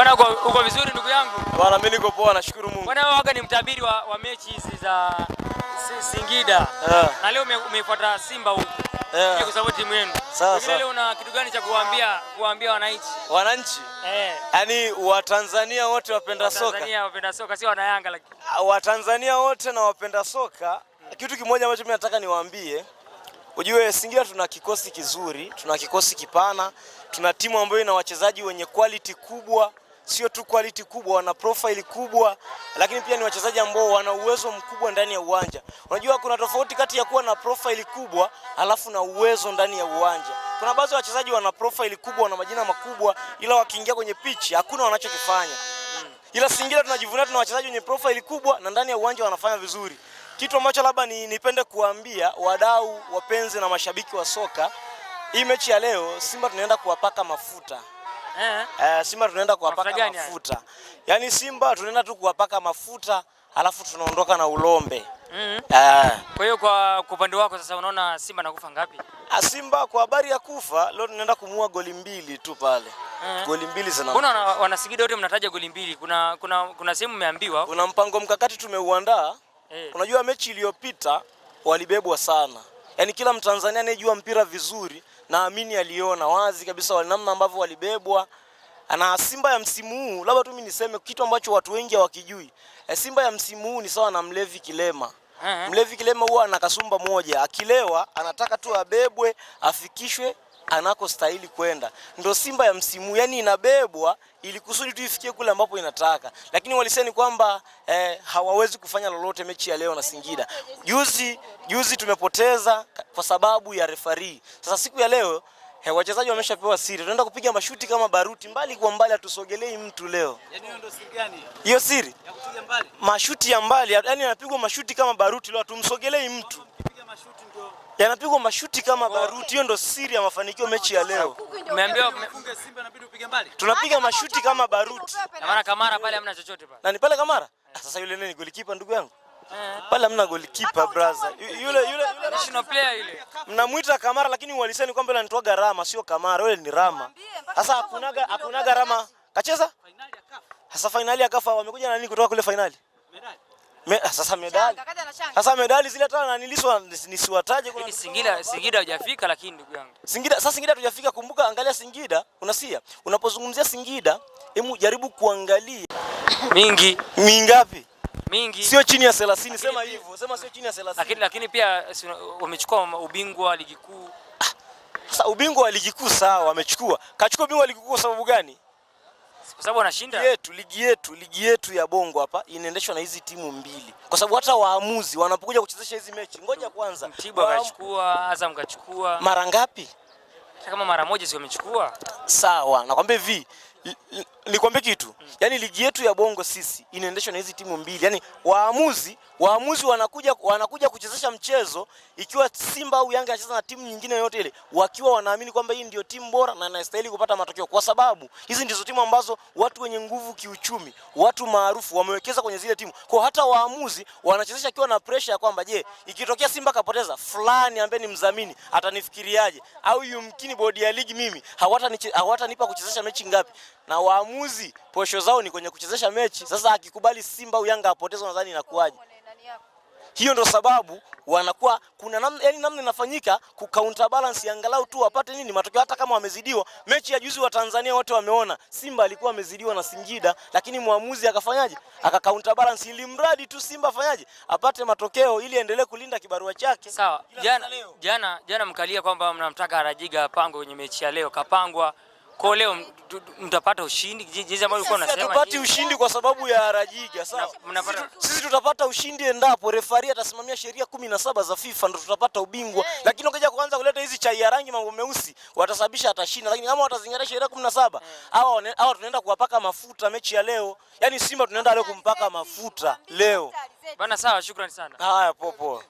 Bwana uko, uko vizuri ndugu yangu? Bwana mimi niko poa nashukuru Mungu. Bwana wewe waga ni mtabiri wa, wa mechi hizi za Singida. Yeah. Na leo umeifuata Simba huko. Yeah. Kusapoti timu yenu. Sasa. Leo una kitu gani cha kuambia kuambia wananchi? Wananchi? Eh. Yaani Watanzania wote wapenda soka. Watanzania wapenda soka sio wana Yanga lakini. Ah, Watanzania wote na wapenda soka. Hmm. Kitu kimoja ambacho mimi nataka niwaambie Ujue Singida tuna kikosi kizuri, tuna kikosi kipana, tuna timu ambayo ina wachezaji wenye quality kubwa sio tu quality kubwa, wana profile kubwa, lakini pia ni wachezaji ambao wana uwezo mkubwa ndani ya uwanja. Unajua kuna tofauti kati ya kuwa na profile kubwa alafu na uwezo ndani ya uwanja. Kuna baadhi ya wachezaji wana profile kubwa, wana majina makubwa, ila wakiingia kwenye pitch hakuna wanachokifanya hmm. Ila Singida tunajivunia tuna wachezaji wenye profile kubwa na ndani ya uwanja wanafanya vizuri. Kitu ambacho labda ni, nipende kuambia wadau, wapenzi na mashabiki wa soka, hii mechi ya leo Simba tunaenda kuwapaka mafuta eh. Eh, Simba tunaenda kuwapaka mafuta. Yaani Simba tunaenda tu kuwapaka mafuta alafu tunaondoka na ulombe. Mm -hmm. Eh. Kwa hiyo kwa upande wako sasa unaona Simba nakufa ngapi? Ah, simba kwa habari ya kufa leo tunaenda kumua goli mbili tu pale. Mm. Goli mbili sana. Kuna wanasigida wote mnataja goli mbili. Kuna kuna kuna sehemu umeambiwa Kuna mpango mkakati tumeuandaa. Eh. Unajua mechi iliyopita walibebwa sana yani kila Mtanzania anayejua mpira vizuri naamini aliona wazi kabisa namna ambavyo walibebwa na Simba ya msimu huu. Labda tu mimi niseme kitu ambacho watu wengi hawakijui. E, Simba ya msimu huu ni sawa na mlevi kilema. Eh, eh. Mlevi kilema huwa ana kasumba moja, akilewa anataka tu abebwe, afikishwe anakostahili kwenda. Ndo Simba ya msimu, yani inabebwa ili kusudi tu ifikie kule ambapo inataka, lakini waliseni kwamba eh, hawawezi kufanya lolote mechi ya leo na Singida. Juzi juzi tumepoteza kwa sababu ya refari. Sasa siku ya leo He, eh, wachezaji wameshapewa siri, tunaenda kupiga mashuti kama baruti mbali kwa mbali, hatusogelei mtu leo. Yaani hiyo siri ya kupiga mbali mashuti ya mbali, yani anapigwa mashuti kama baruti leo, hatumsogelei mtu yanapigwa mashuti kama baruti. Hiyo ndo siri ya mafanikio mechi ya leo. Umeambiwa mfunge Simba inabidi upige mbali. Tunapiga mashuti kama baruti. Na maana Kamara pale hamna chochote pale. Na ni pale Kamara? Ah, sasa yule nini golikipa ndugu yangu? Eh. Pale hamna golikipa brother. Yule yule national player yule. Mnamuita Kamara lakini uwaliseni kwamba yule anatoa gharama sio Kamara, yule ni Rama. Sasa hakuna hakuna gharama. Kacheza? finali ya Sasa finali ya kafa wamekuja na nini kutoka kule finali? Me, ah, sasa medali sasa medali zile hata naniliswa nisiwataje. Kuna yaani Singida, Singida hujafika lakini ndugu yangu Singida, sasa Singida hatujafika. Kumbuka, angalia Singida, unasia unapozungumzia Singida, hebu jaribu kuangalia mingi mingapi mingi, sio chini ya 30. Sema hivyo, sema sio chini ya 30, lakini lakini pia wamechukua ubingwa wa ligi kuu. Sasa ubingwa wa ligi kuu sawa, wamechukua kachukua ubingwa wa ligi kuu kwa sababu gani? kwa sababu wanashinda yetu ligi yetu ligi yetu ya bongo hapa inaendeshwa na hizi timu mbili, kwa sababu hata waamuzi wanapokuja kuchezesha hizi mechi, ngoja kwanza, Mtibwa kachukua Azam kachukua mara ngapi? Kama mara moja sio amechukua, sawa. Nakwambia hivi nikwambie kitu mm. Yaani ligi yetu ya Bongo sisi inaendeshwa na hizi timu mbili, yani waamuzi waamuzi wanakuja, wanakuja kuchezesha mchezo ikiwa Simba au Yanga anacheza na timu nyingine yoyote ile, wakiwa wanaamini kwamba hii ndio timu bora na inastahili kupata matokeo, kwa sababu hizi ndizo timu ambazo watu wenye nguvu kiuchumi, watu maarufu wamewekeza kwenye zile timu. Kwa hata waamuzi wanachezesha akiwa na pressure ya kwamba je, ikitokea Simba kapoteza fulani ambaye ni mdhamini atanifikiriaje, au yumkini bodi ya ligi mimi hawatanipa kuchezesha mechi ngapi na waamuzi waamuzi posho zao ni kwenye kuchezesha mechi. Sasa akikubali Simba au Yanga apoteze, nadhani inakuwaje? Hiyo ndo sababu wanakuwa kuna namna, yani namna inafanyika ku counter balance, angalau tu wapate nini matokeo, hata kama wamezidiwa. Mechi ya juzi wa Tanzania wote wameona Simba alikuwa amezidiwa na Singida, lakini mwamuzi akafanyaje? Aka counter balance, ili mradi tu Simba afanyaje, apate matokeo ili endelee kulinda kibarua chake. Sawa, jana, jana, jana mkalia kwamba mnamtaka Rajiga apangwe kwenye mechi ya leo, kapangwa kwa leo mtapata ushindi jinsi ambavyo ulikuwa unasema. Tupati ushindi kwa sababu ya Rajiga, sawa? Sisi tutapata ushindi endapo refari atasimamia sheria kumi na saba za FIFA ndo tutapata ubingwa. hey. Lakini ukija kuanza kuleta hizi chai ya rangi mambo meusi watasababisha atashinda, lakini kama watazingatia sheria kumi na saba hawa hawa tunaenda kuwapaka mafuta mechi ya leo. yani Simba tunaenda leo kumpaka mafuta leo. Bana, sawa, shukrani sana. Haya, popo.